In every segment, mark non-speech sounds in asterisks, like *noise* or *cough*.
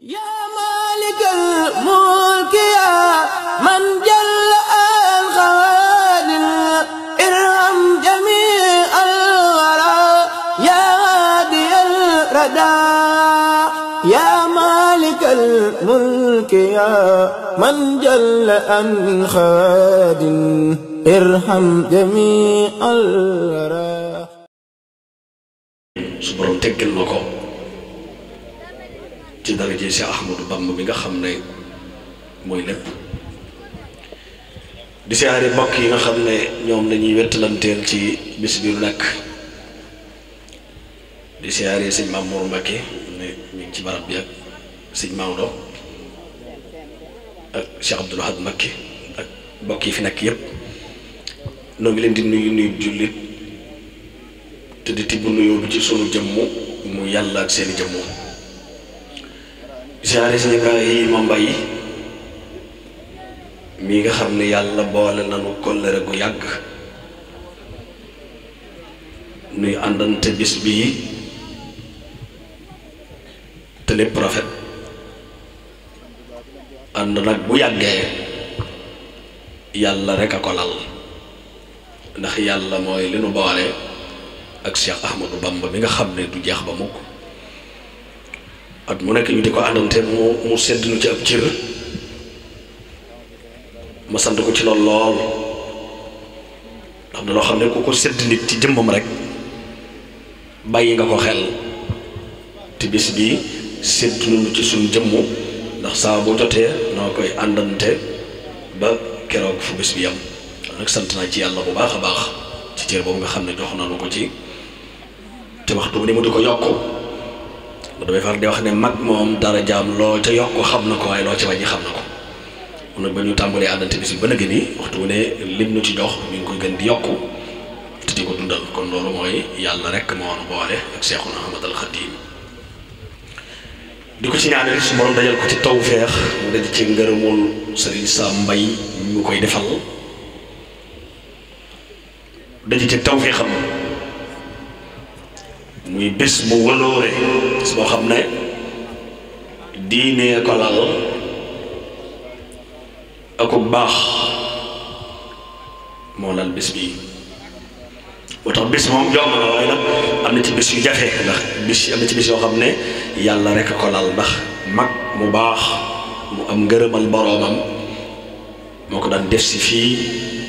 yaa maalikal mulki yaa man jalla al xawaadim irham jamii al waraa yaa haadiyal radaa yaa maalikal mulki yaa man jalla al xawaadim irham jamii al waraa su borom teggal ma ko ci darajee Cheikh Ahmadou Bamba bi nga xam ne mooy lépp di siyaare mbokk yi nga xam ne ñoom lañuy wettalanteel ci bis bi lu nekk di siyaare sëñ Mamour Mbacké ne ñu ci barab bi ak sëñ Maodo ak Cheikh Abdoul Ahad Mbacké ak mbokk yi fi nekk yépp noo ngi leen di nuyu nuyu jullit te di tibb nuyoo bi ci sunu jëmm mu yàlla ak seeni jëmmoo genre si ñi ko ma mbay mi nga xam ne yàlla boole nanu kóllëre gu yàgg nuy àndante bis bii te rafet ànd nag bu yàggee yàlla rek a ko lal ndax yàlla mooy li nu boole ak Cheikh Ahmadou bamb mi nga xam ne du jeex ba mukk at mu nekk ñu di ko àndante mu mu sedd nu ci ab cër ma sant ko ci lool lool ndax dañoo xam ne ku ko sedd nit ci jëmbam rek bàyyi nga ko xel te bis bi sedd nu ci suñ jëmm ndax saa bu jotee noo koy àndante ba keroog fu bis bi yam nag sant naa ci yàlla bu baax a baax ci cër boobu nga xam ne jox naa nañu ko ci te waxtu bu ne mu di ko yokk man damay far di wax ne mag moom dara jaam lool ca yokk xam na ko waaye loo ci wàññi xam na ko mun nag ba ñu tàmbalee àndante bi si bën a gën yi waxtu wu ne lim nu ci jox mi ngi koy gën di yokk te di ko dundal kon loolu mooy yàlla rek moo nu boole ak Seexuna di ko ci ñaanal su borom dajal ko ci tawfeex mu daj ci ngërëmul sa Sam Mbay ñu koy defal daj ci tawfeexam muy bis bu wëloore bés xam ne diinee ko lal ak baax moo lal bés bii boo tax bés moom jomb la waaye nag am na ci bés yu jafe ndax bés am na ci bés yoo xam ne yàlla rek ko lal ndax mag mu baax mu am ngërëmal boroomam moo ko daan def si fii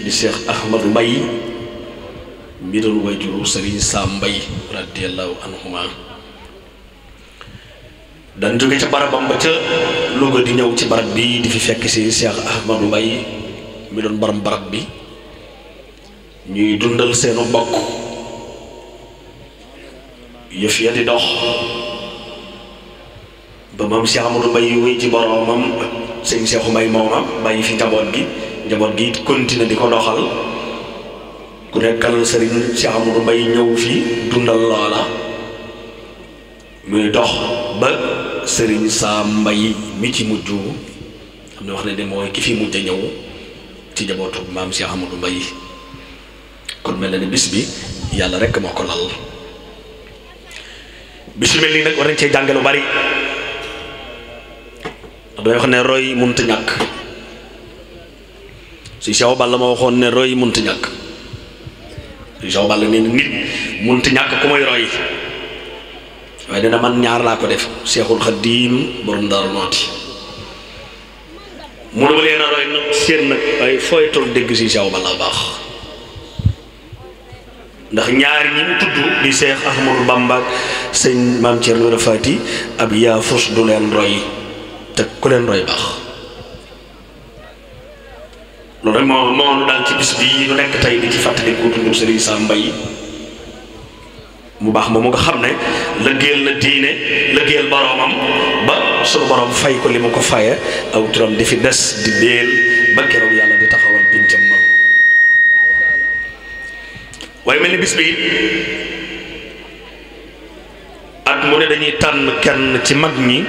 di Cheikh Ahmadou Mbaye mi wayjuru sëriñ saa mbay radiallahu anhuma dan jóge ca barabam ba ca Louga di ñëw ci barab bi di fi fekk si Cheikh Ahmadou Mbaye mi doon borom barab bi ñuy dundal seenu bokk yëf ya di dox ba moom Cheikh Ahmadou Mbaye wuy ci boromam sëñ Cheikh Mbaye moomam bàyyi fi njaboot gi njaboot gi it continué di ko doxal ku nekkal sëriñ si Amadou Mbaye ñëw fii dundal loola muy dox ba sëriñ saa mbay mi ci mujj xam ne wax ne de mooy ki fi mujj ñëw ci jabootu maam si Amadou Mbaye kon mel na ne bis bi yàlla rek moo ko lal bis yu mel nii nag war nañ jànge lu bari damay wax ne roy mënut ñàkk si Cheikh Balla ma waxoon ne roy mënut ñàkk Jow Balla nee na nit mënut ñàkk ku may roy waaye dina man ñaar laa ko def Seexul Xadiim borom Daaru Muxti mënuma leen a roy nag seen nag waaye fooy toll dégg si Jow Balla baax ndax ñaari ñi mu tudd di Seex Ahmadou Bamba sëñ Maam Cerno Faati ab yaa fus du leen roy te ku leen roy baax loolu rek moo moo nu daal ci bis bii ñu nekk tey di ci fàttali ko dundum Serigne Sam mu baax moom mu nga xam ne lëggéel na diine lëggéel boroomam ba sunu boroom fay ko li ma ko faye aw turam di fi des di déel ba keroog yàlla di taxawal pincam ma waaye mel ni bis bi at mu ne dañuy tànn kenn ci mag ñi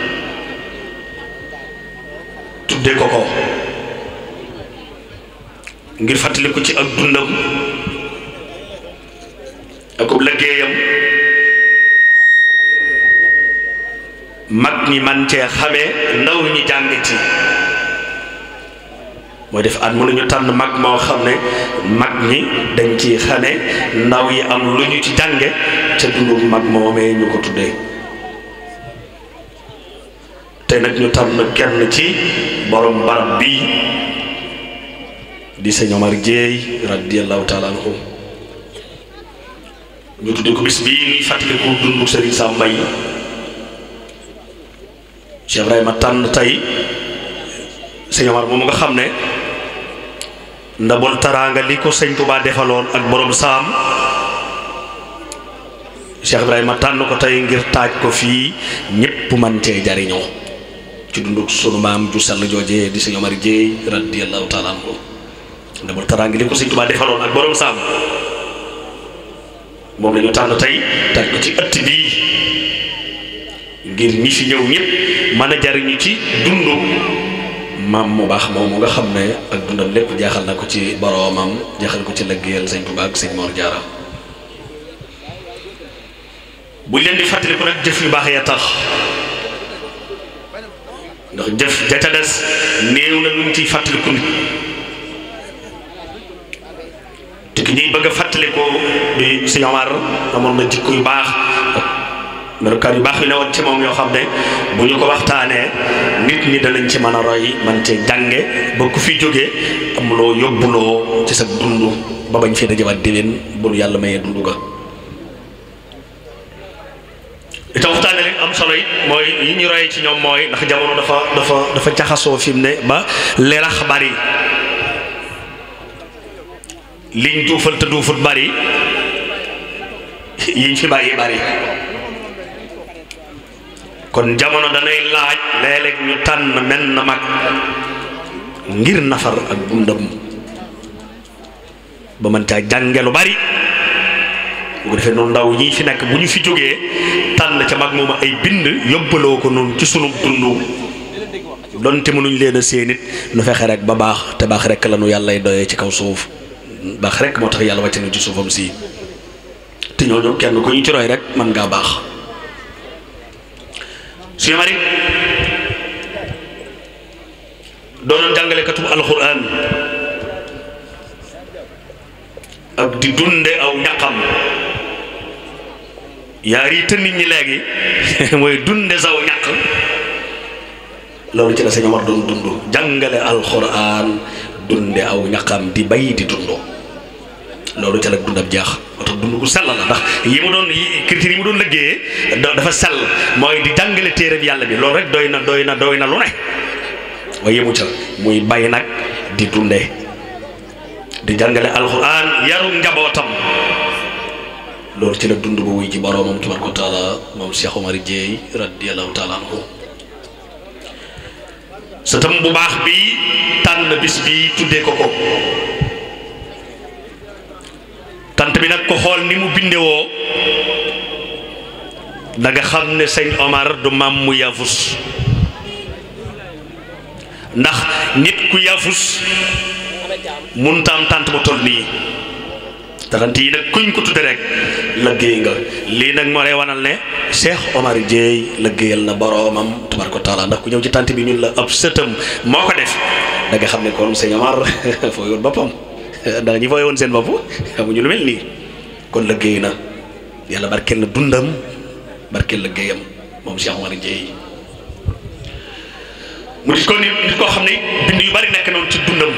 tudde ko ko ngir fàttaliku ci ak dundam akub liggéeyam mag ñi man cee xamee ndaw ñi ci mooy def at mënuñu tànn mag moo xam ne mag ñi dañ ci xane ndaw yi am lu ñu ci jànge ca dundu mag moomee ñu ko tuddee te nag ñu tànn kenn ci borom barab bii di sëñ Omar Guèye radiallahu taala anhu ñu tudde ko bis bii fàttaliku dundu Serigne Sam Mbaye Cheikh Ibrahima tànn tey sëñ Omar moom nga xam ne ndabol taraanga li ko sëñ baa defaloon ak borom saam Cheikh ma tànn ko tey ngir taaj ko fii ñépp man cee jariñoo ci dunduk sunu maam ju sell di sëñ Omar Guèye radiallahu taala ndamul taraangi li ko sëñ Tuubaa defaloon ak borom saam moom la tànn tey taj ko ci ëtt bii ngir ñi fi ñëw ñëpp mën a jariñu ci dundu maam mu baax moom nga xam ne ak dundam lépp jaaxal na ko ci boroomam jaaxal ko ci lëggéeyal sëñ sañ ak sëñ Mor Jaara bu leen di fàttali ko nag jëf yu baax ya tax ndax jëf ja ca des néew na lu ñu ciy fàttaliku nit ñuy bëgg a fàttalikoo bi Sëñ Omar amoon na jikko yu baax melokaan yu baax yu newoon ci moom yoo xam ne bu ñu ko waxtaanee nit ñi danañ ci mën a roy man cee jànge ba ku fi jógee am loo yóbbuloo ci sa dund ba bañ fee dajawaat déwén bu nu yàlla mayee dund ga li tax waxtaanee rek am solo it mooy yi ñu royee ci ñoom mooy ndax jamono dafa dafa dafa jaxasoo fi mu ne ba leerax bari liñ duufal te duufut bari yiñ fi bàyyi bari kon jamono danay laaj léeg-léeg ñu tànn na mag ngir nafar ak dundam ba mën caa jànge lu bari bu defee nu ndaw yi fi nekk bu ñu fi jógee tànn ca mag moom ay bind yóbbaloo ko noonu ci sunu dund donte mënuñ leen a séenit nu fexe rek ba baax te baax rek lanu nu yàllay doyee ci kaw suuf baax rek moo tax yàlla wàcc na ci suufam si te ñooñu kenn ku ñu ci roy rek ngaa baax suñu marit doonoon jàngalekatu alxuraan ak aw ñaqam yaar te nit ñi léegi *laughs* mooy dunde saw ñaq loolu ci la sëñ Omar doon jàngale alxuraan dunde aw ñaqam di bay di dundoo loolu ca nag dundam jeex moo tax dund gu sell la ndax yi mu doon critères yi mu doon liggéeyee dafa sell mooy di jàngale téeréb yàlla bi loolu rek doy na doy na doy na lu ne waaye yemu ca muy bay nag di dunde di jàngale alxuraan yarum njabootam loolu ci la dund ba wuy ji boroomam tabaraka wa taala moom Cheikh Omar Dieye radiyallahu taala bu baax bi tànn bis bi tuddee ko ko tant bi nag ko xool ni mu bindewoo da nga xam ne sëñ Omar du maam mu yafus ndax nit ku yafus mun taam tant bu toll nii tant yi nag kuñ ko tudde rek liggéey nga lii nag moo lay wanal ne Cheikh Omar Dieye liggéeyal na boroomam tabaraka taala ndax ku ñëw ci tant bi ñun la ab sëtam moo ko def da xam ne kon sëñ Omar *laughs* foo yor boppam *laughs* ndax ñi fooy woon seen bopp amuñu lu mel nii kon liggéey na yàlla barkeel na dundam barkeel liggéeyam moom Cheikh Omar Dieye mu nit ko nit nit koo xam ne bind yu bari nekk noonu ci dundam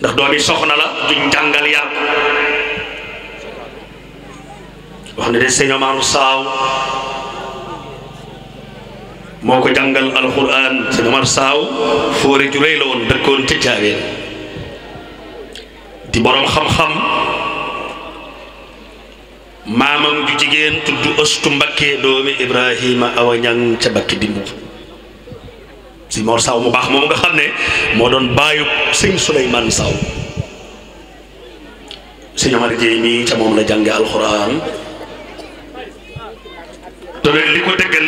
ndax doomi soxna la duñ njàngal yar wax ne de sëñ Omar Saaw moo ko jàngal alxuraan sëñ Omar Saaw fóore ju la woon dëkkoon ca Caaween di boroom xam-xam maamam ju jigéen tudd Ëstu Mbakke doomi Ibrahima Awa ca Mbakke dimbu si Mor Saaw mu baax moom nga xam ne moo doon baayu sëñ Suleymaan Saaw sëñ Omar Jéey ca moom la jànge alxuraan te li ko dëggal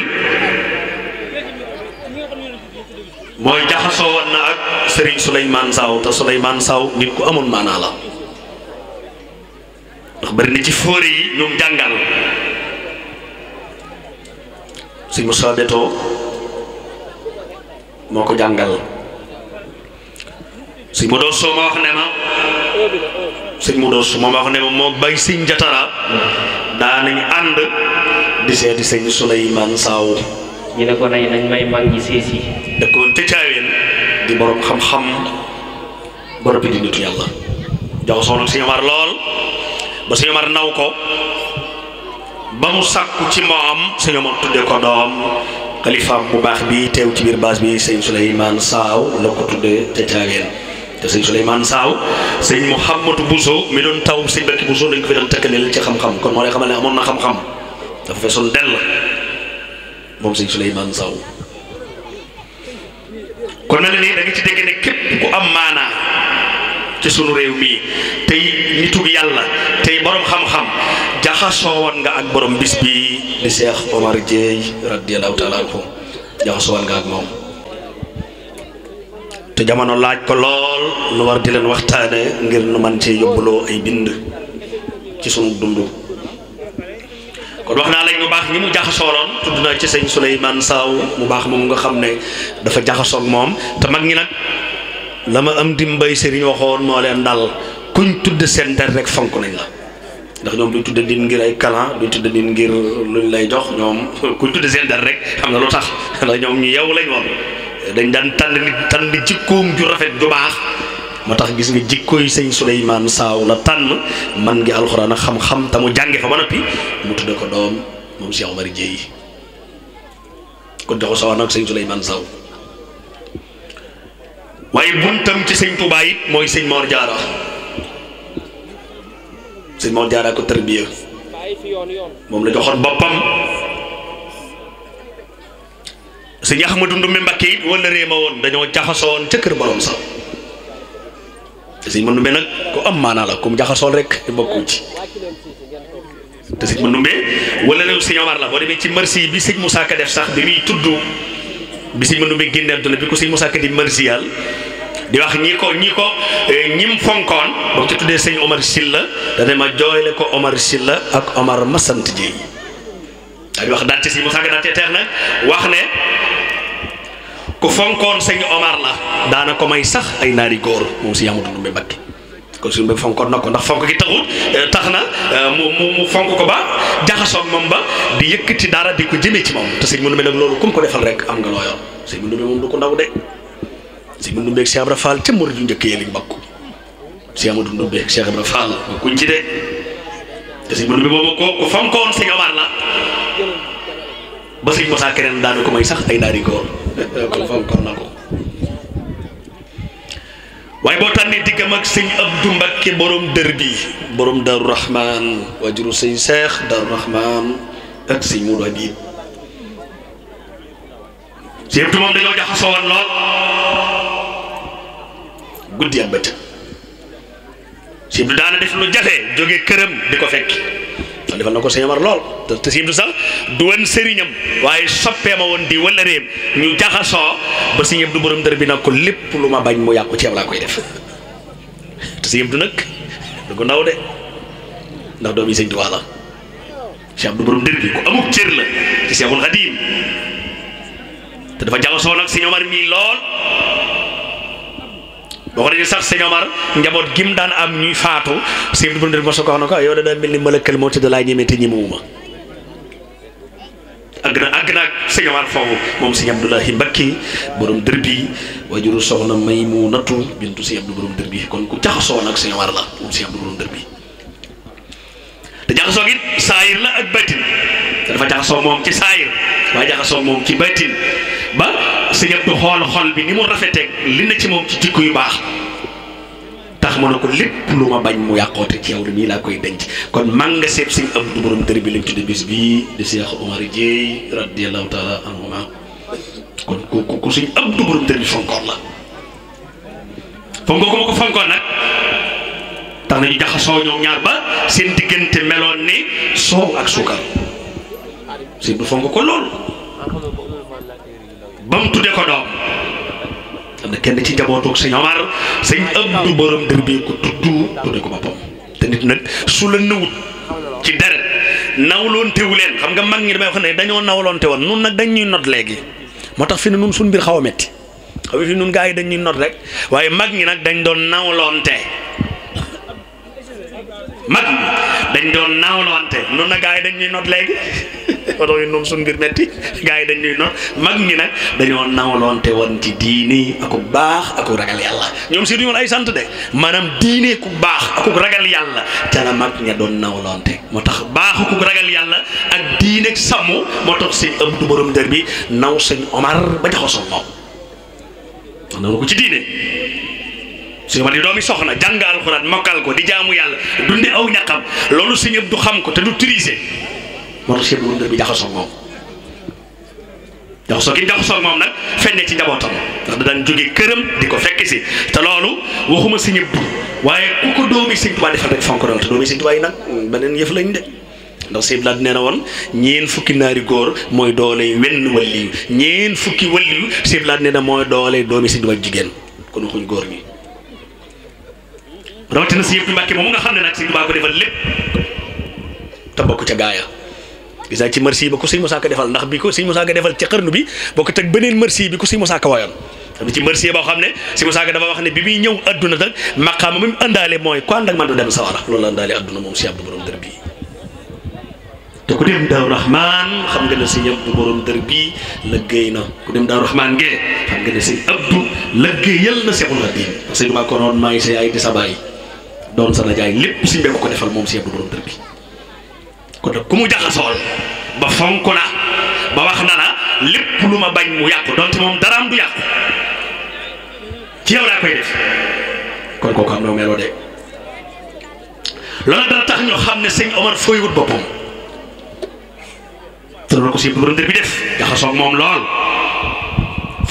mooy jaxasoo woon na ak sëriñ Souleymane Saw te Souleymane Saw nit ku amoon maanaa la ndax bari na ci fóore yi ñoom jàngal sëñ Moussa Beto moo ko jàngal sëñ mu doo soo ma wax ne ma sëñ mu doo soo wax ne ma moo bay sëñ jatara daa ànd di seeti sëñ Souleymane Saw ñu ne ko nay nañ may mag ñi sées yi dëkkoon ca caaween di borom xam-xam borom bi di nitu yàlla jox soxna Sëñ Omar lool ba Sëñ Omar naw ko ba mu sàkku ci moom Sëñ Omar tuddee ko doom xalifaam bu baax bi teew ci biir baas bi sëñ Souleymane Saaw la ko tuddee ca caaween te sëñ Souleymane Saaw sëñ Mouhamadou Bousso mi doon taw sëñ Bakki Bousso dañ ko fi doon tëkkaleel ci xam-xam kon moo lay xamal ne amoon na xam-xam dafa feesoon dell moom sëñ Souleymane Sow kon mel na ni ci dégg ne képp ku am maanaa ci sunu réew mii tey nitug yàlla tey borom xam-xam jaxasoo woon nga ak borom bis bi di Cheikh Omar Dieye radiyallahu taala nga ak moom te jamono laaj ko lool nu war di leen waxtaane ngir nu man ci yóbbuloo ay bind ci sunu dund kon wax naa lañ mu baax ñi mu jaxasooloon tudd naa ci sëñ Souleymane Saw mu baax moom nga xam ne dafa jaxasoog moom te mag ñi nag la ma am dimbay sëriñ waxoon moo leen dal kuñ tudd seen der rek fonk nañ la ndax ñoom duñ tudd din ngir ay kalan duñ tudd din ngir luñ lay jox ñoom kuñ tudd seen der rek xam na lu tax la ñoom ñu yow lañ woon dañ daan tànn nit ju rafet ju baax moo tax gis nga jikkooy sëñ Souleymane Saaw la tànn man ngi alxuraan a xam-xam te mu jànge fa ba noppi mu tudde ko doom moom Cheikh Omar Dieye kon joxo sawa nag sëñ Souleymane Saaw waaye buntam ci sëñ Touba it mooy sëñ Mor Diarra sëñ Mor ko tarbiya moom la joxoon boppam sëñ Ahmadou Ndoumbe Mbakke it wala réema woon dañoo jaxasoo ca kër borom sax te sëñ Mandumbe nag ku am maanaa la comme jaxasool rek te bokkuñ ci te sëñ Mandumbe wala Omar la boo demee ci merci bi sëñ Moussa Ka def sax bi muy tudd bi sëñ Mandumbe génne àdduna bi ko sëñ Moussa di merci di wax ñi ko ñi ko eh, ñim fonkoon ba mu ci tuddee sëñ Omar Silla dana a jooyle ko Omar Silla ak Omar Masant Dieng daal di wax daal ci sëñ Moussa Ka daal teex nag wax ne. ku fonkoon sëñ Omar la daana ko may sax ay naari góor moom si Amadou Ndoumbe Mbakke ko suñu ba fonkoon na ko ndax fonk gi taxut eh, tax na eh, mu mu fonk ko ba jaxasoog moom ba di yëkkati dara di ko jëmee ci moom te sëñ Ndoumbe nag loolu kum ko defal rek am nga loo yor sëñ Ndoumbe moom du ko ndaw de sëñ Ndoumbe ak Cheikh Ibra Fall ca murid yu njëkk yi lañ bokk sëñ Amadou Ndoumbe ak Cheikh Ibra Fall kuñ ci de te sëñ Ndoumbe boobu ko ku fonkoon sëñ Omar la ba sëñ Moussa keneen daanu may sax ay naari koor kon foofu kon na ko waaye boo tànnee diggam ak sëñ Abdou Mbakke borom dër bi borom Darou Rahman waajuru sëñ Seex Darou Rahman ak sëñ Moudou Habib surtout moom dañoo jaxasoo woon lool guddi am bët surtout daana def lu jafe jóge këram di ko fekk. te defal na ko sëñ Amar lool te te sëñ Abdou Sall du woon sëriñam waaye soppee ma woon di wala réem ñu jaxasoo ba sëñ Abdou borom bi nag ko lépp lu ma bañ mu yàqu ceeb laa koy def te sëñ Abdou nag ko ndaw de ndax doom yi sëñ Tuubaa la sëñ Abdou borom dër bi ku cër la ci Seexul Xadiim te dafa jaxasoo nag sëñ Amar mii lool. boo ko dajee sax sëñ Omar njaboot gim daan am ñuy faatu sëñ bi ma soo ko wax ne ko yow da daa mel ni malakal moo tëdd laa ñemewuma àgg na àgg naag foofu moom sëñ Abdoulahi Mbakki borom dër bi wajuru soxna Maymunatu bintu sëñ Abdou borom dër bi kon ku jaxasoo nag sëñ la moom sëñ Abdou borom dër te jaxasoo gi saayir la ak batin dafa jaxasoo moom ci saayir waaye jaxasoo moom ci batin ba. sëñ Abdou xool xol bi ni mu rafeteeg li na ci moom ci jikko yu baax tax ma ne ko lépp lu ma bañ mu yàqoote ci yow nii laa koy denc kon man nga seet si Abdou borom dër bi lañ tudde bis di Cheikh Omar Dieye radiyallahu taala anhuma kon ku ku sëñ dër bi fonkoon la fonko ko ma ko fonkoon nag tax nañu jaxasoo ñoom ñaar ba seen diggante meloon ni soow ak suukar sëñ bi fonk ko lool ba mu tudde ko doom am na kenn ci njabootug sëñ Omar sëñ Abdu borom dër bi ko tuddu tudde ko boppam te nit nag su la nëwut ci deret nawloontewu leen xam nga mag ñi damay wax ne dañoo nawloonte woon nun nag dañ ñuy not léegi moo tax fi ne nun suñ mbir xaw a métti xaw fi nun gaa yi dañ ñuy not rek waaye mag ñi nag dañ doon nawloonte mag ñi dañ doon naawlante noonu na gars yi dañ ñuy not léegi *laughs* oto yi noonu suñu mbir metti yi dañ ñuy not mag ñi nag dañoo naawlante woon ci diine aku baax aku ragal yàlla ñoom si duñu ay sant de maanaam diine ku baax aku ragal yàlla ca la mag ña doon naawlante moo tax baax aku ragal yàlla ak diine ak sàmm moo tax seen ëpp du dër bi naw seen Omar ba jaxasoo moom wax na ko ci diine suñu Abdu di doomi soxna jàng alxuraan mokkal ko di jaamu yàlla dunde aw ñaqam loolu sëñ Abdu xam ko te du triser moo tax sëñ Abdu bi jaxasoo moom jaxasoo gi jaxasoo nag fenne ci njabootam ndax da daan jóge këram di ko fekk si te loolu waxuma sëñ Abdu waaye ku ko doomi si Tuubaa defal rek fonk doon te doomi ndax sëñ Blaat nee na woon ñeen fukki naari góor mooy doole wenn wàlliyu ñeen fukki wàlliyu sëñ Blaat nee na mooy doole doomi sëñ Tuubaa jigéen kon waxuñ góor ñi rawatina si yëpp Mbàkke moom nga xam ne nag Sëñ Tuubaa ko defal lépp te bokk ca gaaya gis naa ci merci ba ko Sëñ Musaa defal ndax bi ko si Musaa Ka defal ci xarnu bi bokk teg beneen merci bi ko Sëñ Musaa Ka wayoon am ci merci boo xam ne si Musaa Ka dafa wax ne bi muy ñëw adduna nag maqaama mi mu mooy ku ànd ak man du dem sawara loolu la àndaale adduna moom si Abdu borom dër bii te ma xam nga ne Sëñ Abdu borom dër bii lëggéey na ku dem Daaru Rahmaan ngee xam nga ne Sëñ Abdu lëggéeyal na Seexul Xadiim parce que du ma ko roon maay sa yaay doon sa najaay lépp si mbéy ko defal moom si yëpp borom dër bi kon nag ku mu jaxasool ba fonk na ba wax na la lépp lu ma bañ mu yàqu donte moom daraam du yàqu ci yow laa koy def kon kooku am na meloo de loolu dara tax ñu xam ne sëñ Omar fooy wut boppam te loolu ko si borom dër bi def jaxasoog moom lool.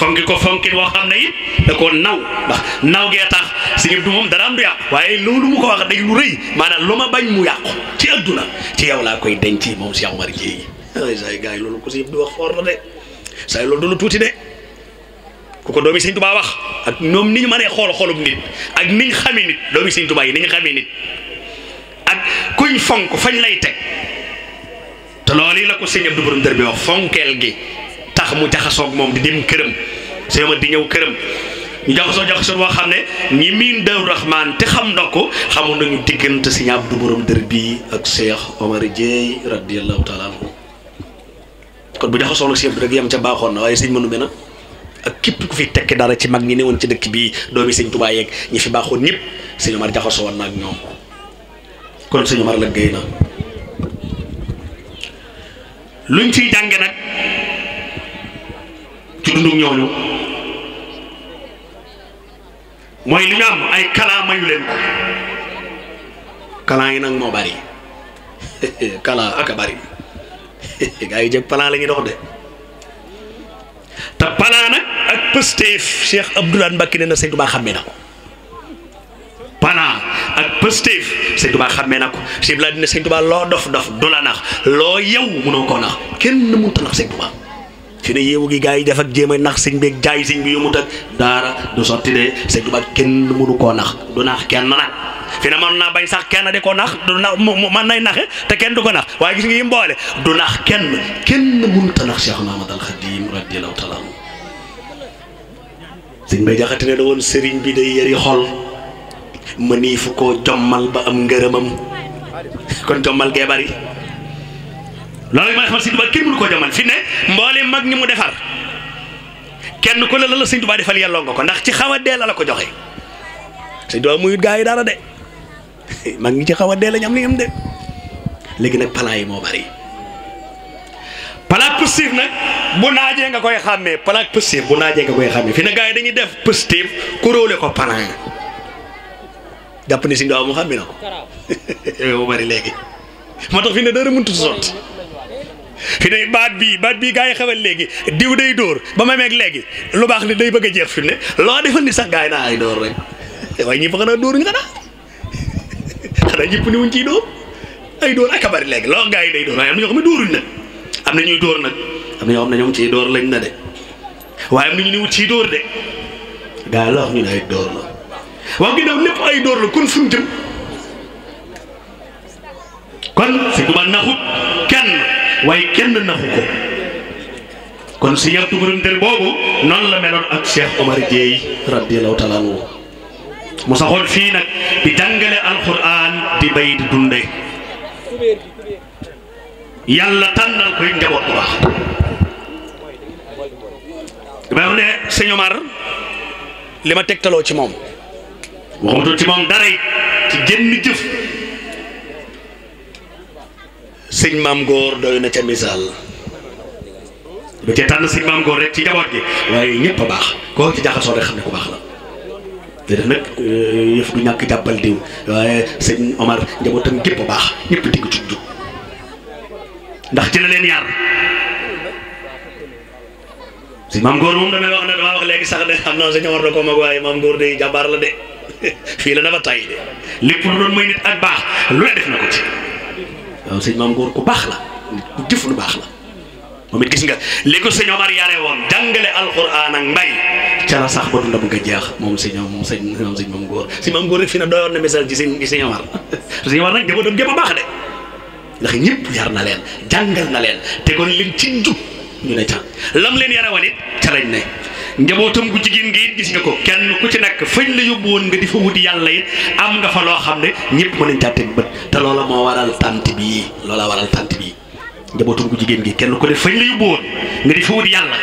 fonki ko fonkin woo xam na it da koo naw ndax naw gee tax suñu dugub dara am du yàqu waaye loolu mu ko wax day lu rëy maanaam lu ma bañ mu yàqu ci adduna ci yow laa koy denc moom Cheikh Omar Dieye ay say gars yi loolu ko si di du tuuti de ku ko doomi Sëñ Tuubaa wax ak ñoom ni ñu xool xolub nit ak ni ñu xamee nit doomi Sëñ Tuubaa yi ni ñu nit ak kuñ fonk fañ lay teg te loolu yi la Dër bi wax fonkeel gi. tax mu jaxasoog moom di dem këram sëñ Amar di ñëw këram ñu jaxasoo jaxasoo boo xam ne ñi miin Daaru Rahmaan te xam ndox ko xamoon nañu diggante sëñ Abdu borom dër bi ak Cheikh Omar Dieye radiyallahu taala anhu kon bu jaxasoo nag sëñ rek yem ca baaxoon na waaye sëñ mënu benn ak képp ku fi tekki dara ci mag ñi ne woon ci dëkk bii doomi sëñ Tuubaa yeeg ñi fi baaxoon ñëpp sëñ Omar jaxasoo woon na ak ñoom kon sëñ Omar la géy na luñ fiy jànge nag ci dundug ñooñu mooy li ñu am ay kalaa mayu leen ko kalaa yi nag moo bari *laughs* kalaa ak a bari *laughs* gaa yi palaa lañuy dox de te palaa nag ak pësteef Cheikh Abdoulaye Mbacke nee na sëñ Tuubaa xàmmee na ko palaa ak pësteef sëñ Tuubaa xàmmee na ko sëñ Tuubaa dina sëñ Tuubaa loo dof dof du la nax loo yow mënoo koo nax kenn mënut a nax sëñ Tuubaa fi ne yéewu gi gars yi def ak jéem a nax sëñ beeg jaay sëñ bi mu ak daara du sotti de sëñ Tuubaa kenn mënu koo nax du nax kenn nag fi ne mën naa bañ sax kenn di ko nax du nax mën nay naxe te kenn du ko nax waaye gis nga yi mboole du nax kenn kenn mënut a nax Cheikhuna Ahmad al Khadim radiyallahu taala anhu sëñ bay jaxate ne da woon sëriñ bi day yëri xol mënii fu koo jommal ba am ngërëmam *laughs* kon jommal gee bari loolu ma xamal sëñ Tuubaa kenn mënu koo jamal fi ne mag ñi mu defar kenn ku ne la la sëñ Tuubaa defal yelloo nga ko ndax ci xaw a dee la ko joxe sëñ Tuubaa muy gaa yi dara de *laughs* mag ñi ci xaw a dee la ñu de léegi nag palaa yi moo bari palaat positif nag bu naajee nga koy xàmmee palaat positif bu naajee nga koy xàmmee fi ne gaa yi dañuy def positif ku róole ko palan jàpp ni sëñ Tuubaa mu xàmmi na ko *laughs* moo bari léegi moo tax fi ne dara mënut a fi ne baat bii baat bii gaa yi xewal léegi diw day dóor ba ma meeg léegi lu baax li day bëgg a jeex fi ne loo defal ni sax gaa yi naa ay dóor rek waaye ñëpp xanaa dóor ñu xanaa ñëpp ni wuñ ciy dóor a bari léegi loo gaa dóor waaye xam ne dóoruñ nag am na ñuy dóor nag am na ñoo xam ne ñoom ciy dóor lañ na de waaye am na ñu ni wut ciy dóor de gaa yi loo xam ñu ne ay dóor la waaw ginnaaw lépp ay dóor la kon fuñ jëm kon si duman naxut kenn waaye kenn naxu ko kon si ñaar boobu noonu la meloon ak Cheikh Omar Dieye radiyallahu taala anhu mu saxoon fii nag di jàngale alquran di bay di dunde yàlla tànnal koy njaboot bu baax damay wax sëñ Omar li ma tegtaloo ci moom waxutul ci moom dara ci génn jëf sëñ maam góor doy na ca misaal du ca tànn sëñ maam góor rek ci jaboot gi waaye ñëpp a baax koo ci jaxasoo rek xam ne ku baax la te def nag euh, yëf du ñàkk ci la leen yar si maam góor moom damay wax ne damaa wax léegi sax de xam naa sëñ Omar da ko mag waaye maam góor de jàmbaar la de *laughs* fii la dafa tay lépp lu doon mooy nit ak baax lu ne def na ko ci waaw sëñ maam góor ku baax la ku jëf lu baax la moom it gis nga li ko sëñ Omar yare woon jàngale alxuraan ak mbay ca la sax ba dunda bëgg a jeex moom sëñ moom sëñ moom sëñ maam góor sëñ maam góor rek fi na doyoon na message ci sëñ sëñ Omar sëñ Omar nag jabatam gépp a baax de ndax ñëpp yar na leen jàngal na leen te kon lim ci jub ñu ne ca lam leen yare woon it ca lañ ne njabootam gu jigéen gi gis nga ko kenn ku ci nekk fañ la yóbbu woon nga di fa wuti yàlla it am nga fa loo xam ne ñëpp mën a caa teg bët te loola moo waral tant bii loola waral tant bii njabootam gu gi kenn ku fa wuti yàlla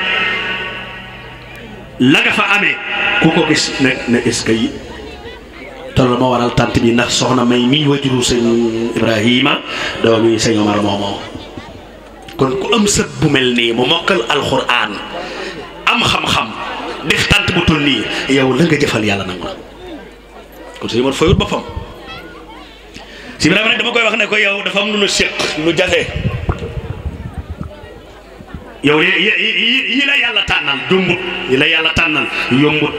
la nga que yi te loolu moo ndax soxna may mi wajuru sëñ Ibrahima doomi sëñ Omar moomoo kon ku am sët mel nii mu mokkal alxuraan am xam-xam def tànt bu toll nii yow la nga jëfal yàlla nangu na kon suñu mot fayut boppam si Ibrahima nag dama koy wax ne ko yow dafa am lu nu séq lu jafe yow yi la yàlla tànnal jumbut yi la yàlla tànnal yombut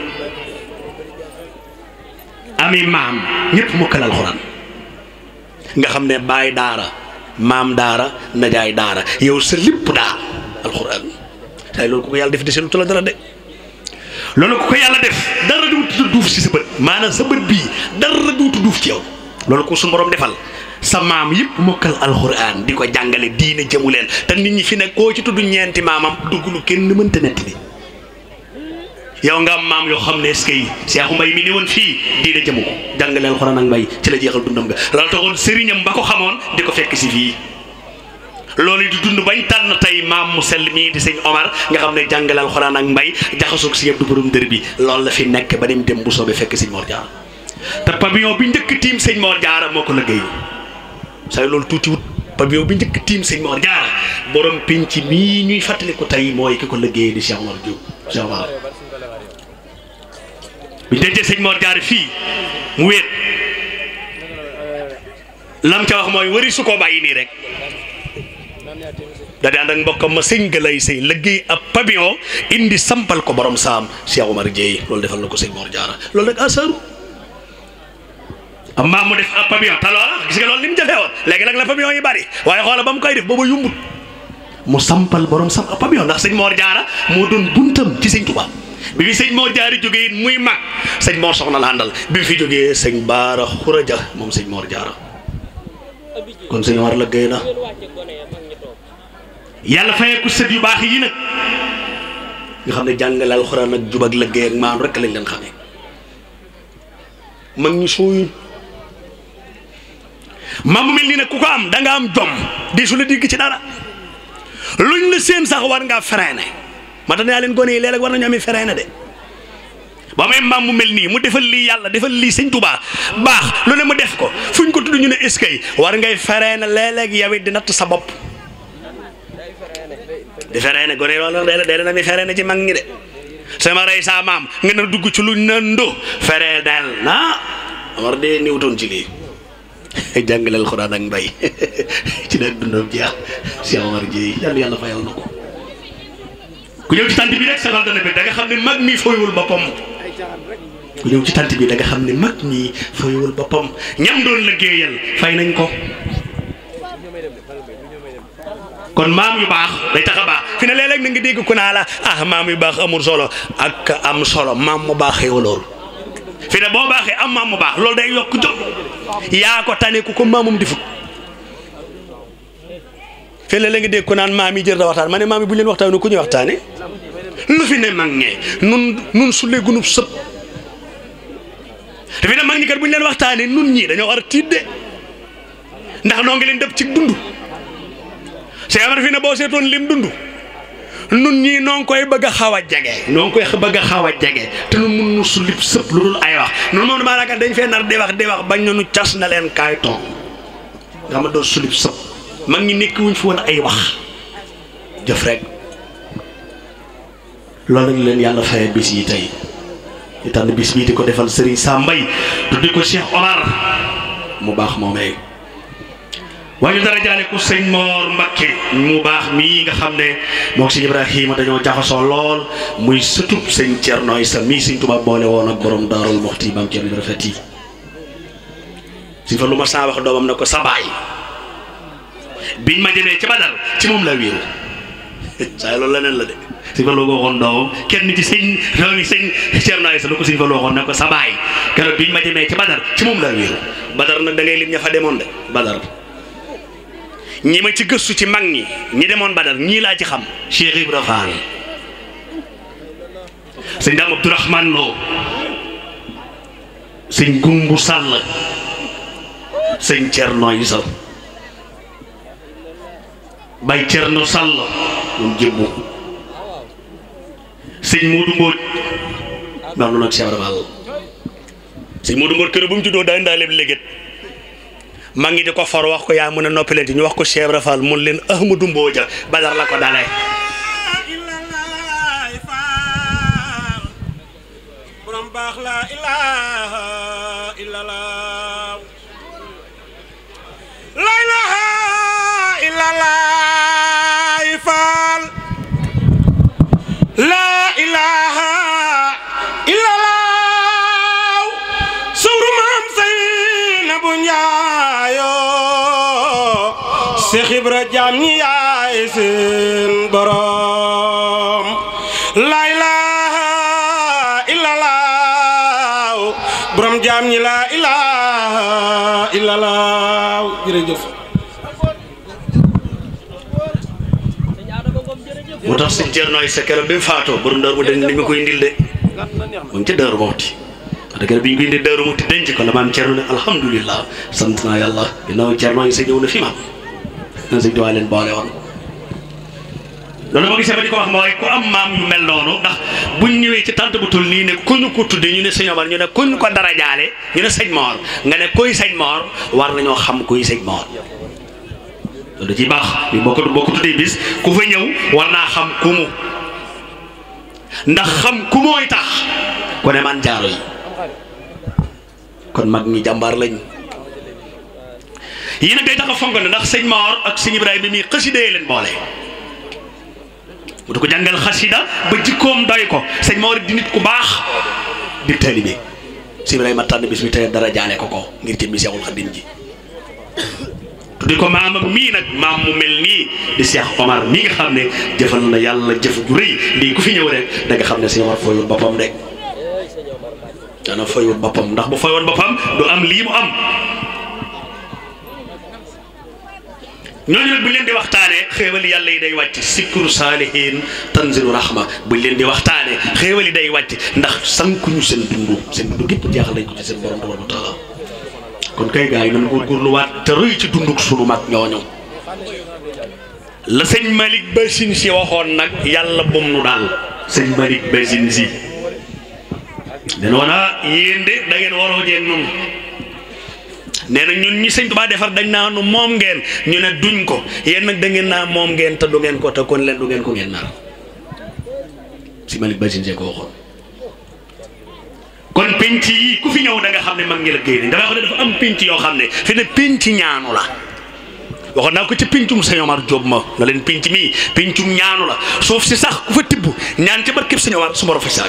ami maam ñëpp mokkal alxuraan nga xam ne baay daara maam daara najaay daara yow sa lépp daa alxuraan tay loolu ku ko yàlla def di seen tu la dara de loolu ku ko yàlla def dara duutu duuf si sa bët maanaam sa bët bii dara duutu duuf ci yow loolu ko su moroom defal sa maam yëpp mokkal alxuraan di ko jàngale diine jëmu leen te nit ñi fi nekkoo koo ci tudd ñeenti maamam dugg lu kenn mënta nettali yow nga am maam yoo xam ne est-ce que Seexu Mbay mi ne woon fii diine jëmu ko jàngale alxuraan ak may ci la jeexal dundam nga loolu taxoon ba ko xamoon di ko fekk si fii. loolu di dund bañ tànn tey maam mu sell mii di sëñ Omar nga xam ne jàngale alxuraan ak mbay jaxasoog si yëpp du borom dër bi loolu la fi nekk ba dem dem bu soobee fekk sëñ Mor Jaara te pavillon bi njëkk tiim sëñ Mor jaar moo ko lëggéey say loolu tuuti wut bi njëkk tiim sëñ Mor Jaara borom penc mii ñuy fàttaliku tey mooy ki ko lëggéey di Cheikh Omar Diop bi dejee sëñ Mor Jaara fii mu wéet lam ca wax mooy wëri su ko bàyyi nii rek da di ànd ak mbokkam ma sëñ galay sëy liggéey ab pavillon indi sampal ko borom saam ma Omar Dieye loolu defal na ko sëñ Mor Diarra loolu rek asaru amma mu def ab pavillon te loola gis nga léegi nag la pavillon yi bari waaye xoola ba mu koy def mu sampal borom sam ab pavillon ndax sëñ Mor Diarra moo doon buntam ci sëñ Touba bi bi sëñ Mor jaari jógee it muy mag sëñ Mor soxna la àndal bi mu fi jógee sëñ Baara Xuraja moom sëñ Mor Diarra yàlla fayeeku sët yu baax yi nag nga xam ne jàngale alxuraan ak jub ak lëggéey ak maanu rek lañ leen xamee mag ñu sooyul maam mu mel nii nag ku ko am danga am jom di su la digg ci dara luñ la seen sax war ngaa freiné ma tax naa leen gone yi léeg-léeg war nañu amee freiné de ba may maam mu mel nii mu defal lii yàlla defal lii sëñ Tuubaa baax lu ne mu def ko fuñ ko tu ñu ne eskay war ngay freiné léeg-léeg yow it di natt sa bopp. di feree gone loolu de de na mi feree ci mag ñi de sama rey saa maam nga na dugg ci lu nëndu feree del na amar de niwtoon ci lii *laughs* jàngale alxuraan ak mbay *laughs* ci la dundam jeex si amar ji yàlla yàlla fayal na ko ku ñëw ci tant bi rek seetal bi da xam ne mag mi fooyul boppam ku ñëw ci tant bi da xam ne mag mi fooyul boppam ñam doon liggéeyal fay nañ ko kon maam yu baax day tax baax fi ne léeg-léeg na nga dégg ku naa la ah maam yu baax amul solo ak am solo maam mu baaxee loolu fi ne boo baaxee am maam mu baax loolu day yokk jot yaa ko tane ku ko maamum di fut fi ne léeg-léeg nga dégg ku naan maam yi jër da waxtaan ma ne maam yi bu leen waxtaanee ku ñuy waxtaanee lu fi ne mag ñee nun nun su lee gunub sëb te fi ne mag ñi kat bu ñu leen waxtaanee nun ñii dañoo war a tiit de ndax noo ngi leen dëpp ci Cheikh Omar fi ne boo seetoon lim dund nun ñii noo koy bëgg a xaw a jege noo koy bëgg a xaw a jege te nu mun nu su sëpp lu dul ay wax nun moom damaa ragal dañ fee nar di wax di wax bañ na cas na leen kaay toog nga ma doon sulib sëpp mag ñi nekk wuñ fi woon ay wax jëf rek loolu lañ leen yàlla faye bis yi tey di tànn bii di ko defal Serigne Sam Mbaye tuddi ko Cheikh Omar mu baax moomee waaye ñu dara jaale ku sëñ Mor Mbakke mu baax mii nga xam ne moo sëñ Ibrahima dañoo jaxasoo lool muy sëtub sëñ Thierno sa mii sëñ Tuubaa boole woon ak borom Daarul Muxti maam Thierno Ibrahima sa sëñ fa lu ma saa ko sabaay biñ ma jëmee moom la wéeru *laughs* leneen la de sëñ fa lu waxoon doomam kenn ci sëñ doomi sëñ Thierno Issa lu ko sëñ fa lu waxoon ne ko ma jëmee ca Badar ci moom la wéeru Badar nag da ngay lim ña fa demoon de Badar. ñi ma ci gëstu ci mag ñi ñi demoon Badar ñii laa ci xam Cheikh Ibra Fall sëñ Dame Abdourahman Lo sëñ Gumbu Sàll sëñ Cerno Isa bay Cerno Sàll moom jëbbu sëñ Moodu Mbóoj daam lu nag Cheikh Ibra Fall sëñ Moodu kër bu mu juddoo daa indaale léget mag ñi di ko wax ko yaa mën a noppalante ñu wax ko Cheikh Ibra leen Ahmadu Mbooja Badar la ko dalee la ibra jaam ñi yaay seen borom laa ilaaha illallah laa moo tax suñ ceer nooy sa keroog bi mu faatoo borom daaru mu denc ni mu koy indil de moom ca daaru mawti da kër bi ñu koy indi daaru mawti denc ko la maam ceer ne alhamdulilah sant naa yàlla ginnaaw ceer nooy sa ñëw na fi maam loolu sëñ Tuubaa leen boole woon loolu ma gisee ba di ko wax mooy ku am maam yu mel noonu ndax buñ ñëwee ci tant bu tul nii ne ku ñu ko tuddee ñu ne sëñ Omar ñu ne ku ko dara jaale ñu ne sëñ Mor nga ne koy sëñ Mor war nañoo xam kuy sëñ Mor loolu ci baax bi boo ko boo bis ku fa ñëw war naa xam ku mu ndax xam ku tax ku ne man jaaro yi kon mag ñi jàmbaar lañ yi nag day tax a fonkal ndax sëñ Mor ak sëñ Ibrahima mii xasidee leen boole mu di ko jàngal xasida ba jikkoom doy ko sëñ Mor di nit ku baax di taalibe sëñ Ibrahima tànn bis bi tey dara jaale ko ko ngir jëmmi Seexul Xadim ji di ko maamam mii nag maam mu mel nii di Cheikh Omar mii nga xam ne jëfal na yàlla jëf ju rëy lii ku fi ñëw rek da xam ne sëñ Omar fooyul boppam rek dana boppam ndax bu fooyoon boppam du am lii mu am. ñooñu nag buñ leen di waxtaanee xéewali yàlla yi day wàcc sikru saalihiin tanzilu rahma buñ leen di waxtaanee xéewali day wàcc ndax sankuñu seen dundu seen dundu gépp jeexal lañ ko ci seen borom tabaaraka wa taala kon kay gars yi nañ góorgóorluwaat te rëy ci dunduk sunu mag ñooñu la sëñ Malick Basine si waxoon nag yàlla bom nu daal sëñ Malick Basine si dana woon ah, de da waroo jeen noonu nee nag ñun ñi sëñ Tuubaa defar dañ naa nu moom ngeen ñu ne duñ ko yéen nag da ngeen naa moom ngeen te ngeen ko te leen du ngeen ko ngeen naan si Malick Basine kon penc yi ku fi ñëw da nga xam ne mag ngi la génne damay wax ne dafa am penc yoo xam ne fi ne penc ñaanu la waxoon naa ko ci pencum sëñ Omar Diop ma na leen penc mii pencum ñaanu la suuf si sax ku fa tibb ñaan ci barkeb sëñ Omar su ma rafet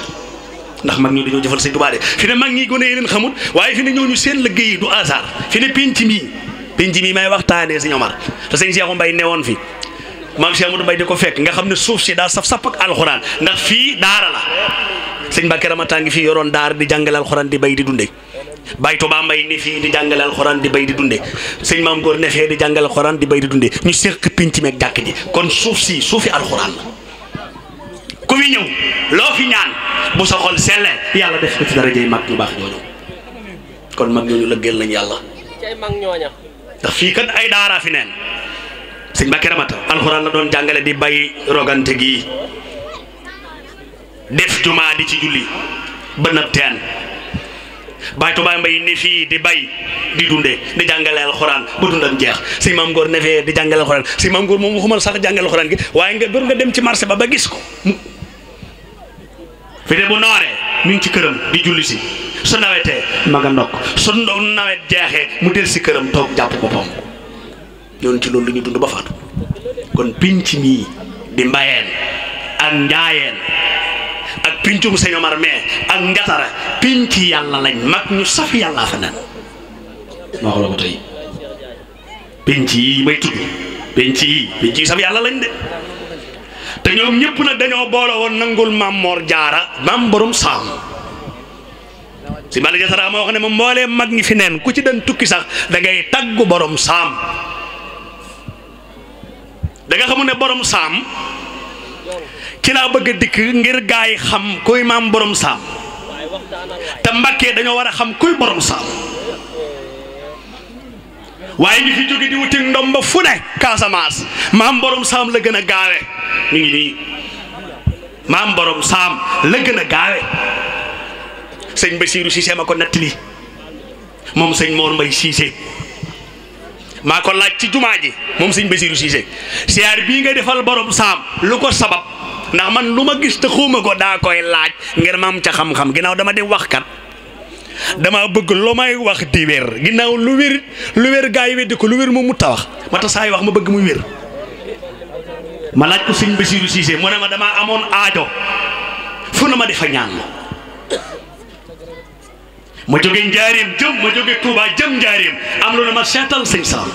ndax mag ñi dañoo jëfal sëñ Tuubaa de fi ne mag ñi gone yi leen xamut waaye fi ne ñooñu seen liggéey du hasard fi ne penc mii penc mii may waxtaanee sëñ Omar te sëñ Cheikh Mbaye newoon fi maam Cheikh Amadou Mbaye di ko fekk nga xam ne suuf si daal saf sapp ak alxuraan ndax fii daara la sëñ Mbàkke Ramata ngi fii yoroon daar di jàngale alxuraan di bay di dunde Baye Touba Mbaye ne fii di jàngale alxuraan di bay di dunde sëñ maam góor ne fee di jàngale alxuraan di bay di dunde ñu seq penc meeg jàkk ji kon suuf si suufi alxuraan la ku fi ñëw loo fi ñaan bu sa xol sellee yàlla def ko ci dara jëy mag ñu baax ñooñu kon mag ñooñu lëggeel nañ yàlla ndax fii kat ay daara fi neen sëñ Mbàkke Ramata alxuraan la doon jàngale di bay rogante gi def jumaa di ci julli ba nëb teen Baay Tuubaa Mbay ne fii di bay di dundee di jàngale alxuraan ba dundam jeex si maam Ngor ne di jàngale alxuraan si maam Ngor moom waxumal sax jàngale alxuraan waaye nga gër nga dem ci marché ba ba gis ko fi de bu nooree mi ngi ci këram di julli si su nawetee ma nga ndokk su nawet jeexee mu del si këram toog jàpp boppam ñoon ci loolu lu ñu dund ba faatu kon pinc mii di mbayeen ak njaayeen ak pincum sëñ Omar mais ak ngatara pinc yàlla lañ mag ñu saf yàllaa fa nen ma wax ko tey pinc yii may tudd pinc yii pinc yi saf yàlla lañ de te ñoom ñëpp nag dañoo boole woon nangul maam Mor Jaara maam boroom saam si bala jasara ma wax ne ma mboolee mag ñi fi neen ku ci den tukki sax dangay ngay taggu borom saam da nga ne borom saam ci laa bëgg a dikk ngir gaa yi xam kuy maam boroom saam te Mbàkke dañoo war a xam kuy borom saam waaye ñu fi jóge di wuti ndom ba fu ne Casamance maam borom saam la gën a gaawe ñu ngi nii maam borom saam la gën a gaawe sëñ Basiiru Cissé ma ko nattali moom sëñ Mor Mbay Cissé maa ko laaj ci jumaa ji moom sëñ Basiiru Cissé siyaar bii nga defal borom saam lu ko sabab ndax man lu ma gis te xuuma ko daa koy laaj ngir ma am ca xam-xam ginnaaw dama de wax kat damaa bëgg lu may wax di wér ginnaaw lu wér lu wér gaa yi weddi ko lu wér moom mutta wax ma tax wax ma bëgg muy wér ma laaj ko sëñ Bassirou Cissé ma damaa amoon aajo fu na ma defa ñaan ma jóge njaareem jëm ma jóge Touba jëm njaareem am lu ne ma seetal sëñ Saam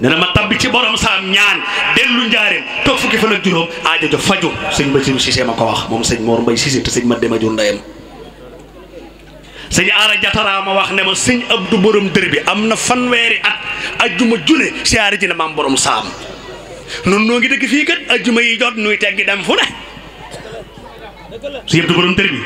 ne na ma ci borom saam ñaan dellu njaareem toog fukki fan ak juróom aajo jo faju sëñ Bassirou Cissé ma ko wax moom sëñ Mor Mbaye Cissé te sëñ ma dema jur ndeyam sëñ Aara Jatara ma wax ne ma sëñ Abdou borom dër bi am na fanweeri at ajjuma june siyaare ji ne maam borom saam noonu noo ngi dëkk fii kat ajjuma yi jot nuy teggi dem fu ne sëñ Abdou borom dër bi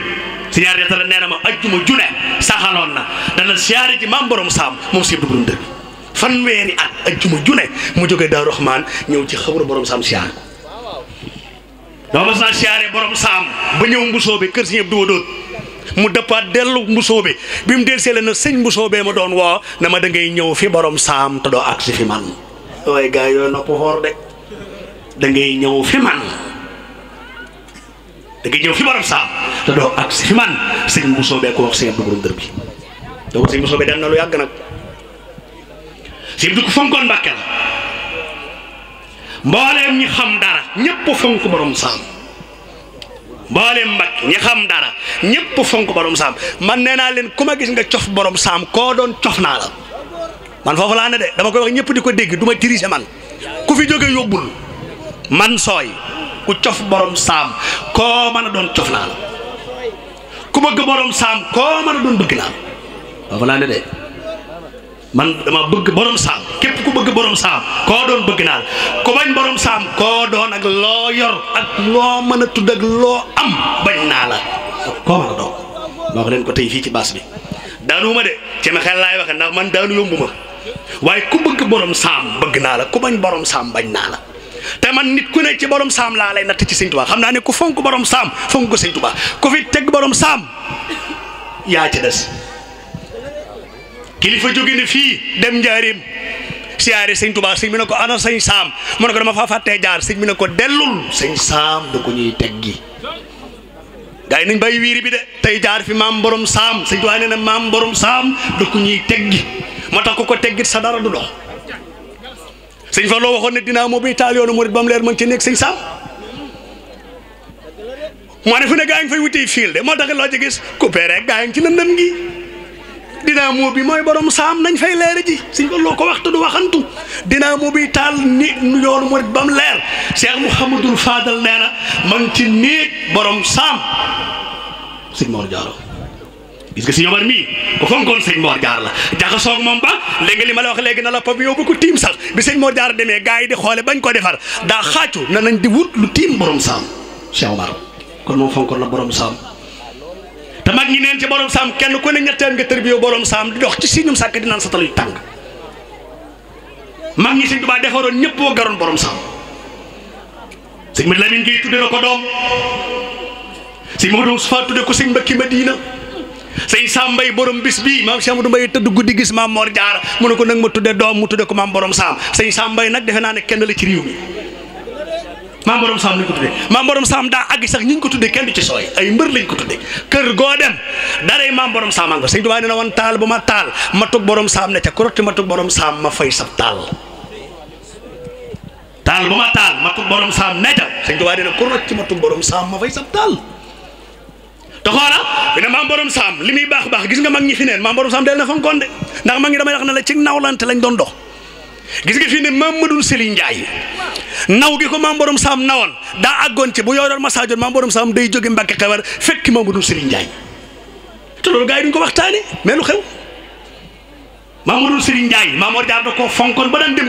sëñ Aara Jatara nee na ma ajjuma june saxaloon na dana siyaare ji maam borom saam moom sëñ Abdou borom dër bi fanweeri at ajjuma june mu jógee Daaru Raxmaan ñëw ci xabru borom saam siyaare ko saam ba ñëw mbusoo bi kër sëñ Abdou Wadoot mu dëppaat dellu mbusoobe bi mu dell see la na sëñ mbusoobee ma doon woo na ma da ngay ñëw fi borom saam te doo agsi fi man waaye gars yooyu nopp foor de da ñëw fi ñëw fi borom saam te doo agsi fi man sëñ mbusoobee ko wax sëñ Abdu borom dër bi donc sëñ dem na lu yàgg nag sëñ bi fonkoon Mbàkke la mbooleem ñi xam dara ñépp fonk borom saam mboolem mag ñi xam dara ñëpp fonk borom saam man nee naa leen ku ma gis nga cof borom saam koo doon cof naa la man foofu laa ne de dama koy wax ñëpp di ko dégg du ma tirise man ku fi jóge yóbbul man sooy ku cof borom saam koo mën a doon cof naa la ku bëgg borom saam koo mën a doon bëgg naa la foofu laa de. man dama bëgg borom saam képp ku bëgg borom saam koo doon bëgg naa ku bañ borom saam koo doon ak loo yor ak loo mën a tudd ak loo am bañ naa la koo mën a doon ci baas bi daanu ma de ci ma laay waxe ndax man daanu yombu waaye ku bëgg borom saam bëgg naa la ku bañ borom saam bañ naa la te man nit ku ne ci borom saam laa lay natt ci sëñ Tuubaa xam naa ne ku fonk borom saam fonk ko sëñ Tuubaa ku fi teg borom saam yaa ci des. kilifa jóge na fii dem njaareem siyaare sëñ Tuubaa sëñ bi ne ko ana sëñ saam mu ne ko dama faa fàttee jaar sëñ bi ne ko dellul sëñ saam da ko ñuy teggi gaa yi nañ wiiri bi de tey jaar fi maam borom saam sëñ Tuubaa nee na maam borom saam da ko ñuy teggi moo tax ko ko teggit sa dara du dox sëñ fa loo waxoon ne dinaa moo bi taal yoonu murit ba mu leer ma ci nekk sëñ saam moo ne fu ne gaa fay wutee fiil de moo tax loo ci gis coupé ci lëndëm dynamo bi mooy borom saam nañ fay leer ji suñ ko loo ko waxtu du waxantu dynamo bi taal ni yoonu murit ba mu leer Cheikh Mouhamadul Fadal nee na ma ci néeg borom saam sëñ Mor Jaaro gis nga si ñoomar mii ko fonkoon sëñ Mor Jaar la jaxasoog moom ba léegi li ma la wax léegi na la pop yow bu ko tiim sax bi sëñ Mor Jaar demee gars yi di xoole bañ ko defar daa xaacu na nañ di wut lu tiim borom saam Cheikh Omar kon moom fonkoon na borom saam te mag ñi neen ci borom saam kenn ku ne ñetteen nga tërbiyo borom saam di dox ci siñum sàkk di naan sa taluy tàng mag ñi sëñ Tuubaa defaroon ñëpp waggaroon borom saam sëñ Mat Lamin Géey tudde na ko doom sëñ Maodo Mustafa tudde ko sëñ Mbakki Madina sëñ Saam Mbay borom bis bi maam Cheikh Amadou Mbay tëdd guddi gis maam Mor jaar mu ne ko nag ma tudde doom mu tudde ko maam borom saam sëñ Saam Mbay nag defe naa ne kenn la ci réew mi maam borom saam lañ ko tuddee maam borom saam daa àgg sax ñi ñu ko tuddee kenn du ci sooy ay mbër lañ ko tuddee kër goo dem daray maam borom saam àgg sëñ Tuubaa nee woon taal bu ma taal ma tug borom saam ne ca korotti ma tug borom saam ma fay sab taal ma taal ma tug borom saam ne ca sëñ Tuubaa nee na korotti ma saam ma fay sab taal te xoola bi ne maam borom saam li muy baax baax gis nga mag ñi fi neen maam borom saam del na fonkoon de ndax mag ñi damay wax ne la ci nawlante lañ doon dox gis nga fii ne Mamadou Serigne Ndiaye naw gi ko maam borom saam nawoon daa àggoon ci bu yoroon masaajoon maam borom saam day jóge Mbàkke xewar fekk maam borom Serigne Ndiaye te loolu gars yi ko waxtaane mais lu xew maam borom Serigne Ndiaye maam war jaar da koo ba daan dem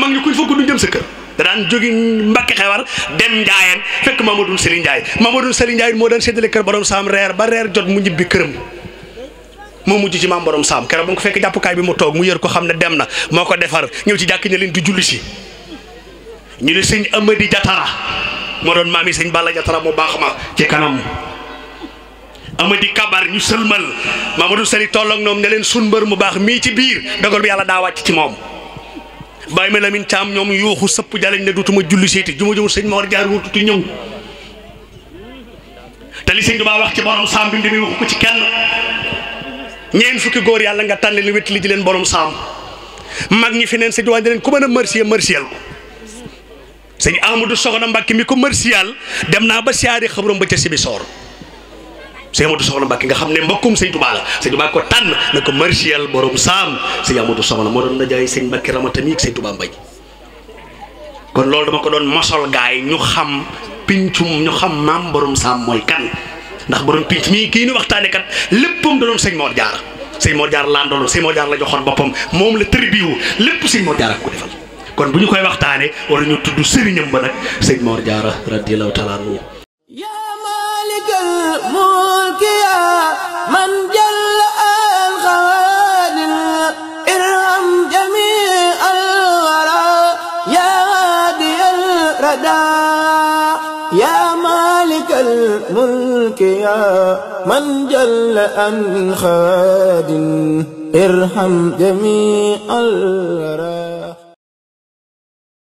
mag ñu kuñ fokk duñ dem sa kër da daan jóge Mbàkke xewar dem Ndiayeen fekk maam borom Serigne Ndiaye maam borom Serigne Ndiaye moo daan séddale kër borom saam reer ba reer jot mu ñibbi këram moo mujj ci maam borom saam keroog ba nga ko fekk jàppukaay bi mu toog mu yër ko xam ne dem na moo ko defar ñëw ci jàkk ña leen di julli si ñu ne sëñ Amady Jatara moo doon maam yi sëñ Balla Jatara mu baax ma ci kanam Amady Kabar ñu sëlmal Mamadou Sali tolloog ñoom ne leen sun mbër mu baax mii ci biir dogal bi yàlla daa wàcc ci moom. Baye ma Lamine Thiam ñoom yuuxu sëpp jaleñ ne dutuma julli seeti juma juma sëñ Mor Jaar wututu ñëw te li sëñ Tuubaa wax ci borom saam bi mu demee wax ko ci kenn ñeen fukki góor yàlla nga tànn li wét li ji leen borom saam mag ñi fi neen sëñ Tuubaa di ku mën a merci merci sëñ Amadou Soxna Mbacke mi commercial dem naa ba siyaare xabrom ba ca Sibisoor sëñ Amadou Soxna Mbacke nga xam ne mbokkum sëñ Touba la sëñ Touba ko tànn na commercial borom saam sëñ Amadou Soxna moo doon na jaay sëñ Mbacke Ramata mi ak kon loolu dama ko doon mosol gaay ñu xam pincum ñu xam maam borom saam mooy kan ndax borom pinc mii kii ñu waxtaanee kat léppam da doon sëñ Mor Diarra sëñ Mor Diarra laan doon sëñ Mor Diarra la joxoon boppam moom la tërbiwu lépp sëñ Mor Diarra ko defal. kon bu ñu koy waxtaanee wala ñu tudd sëriñam ba nag sëñ Mor Diarra radiyallahu taala anhu yaa maalikal mulki yaa man jalla al xawaadin irham jami al wara yaa haadiyal radaa yaa maalikal mulki yaa man jalla al xawaadin irham jami al wara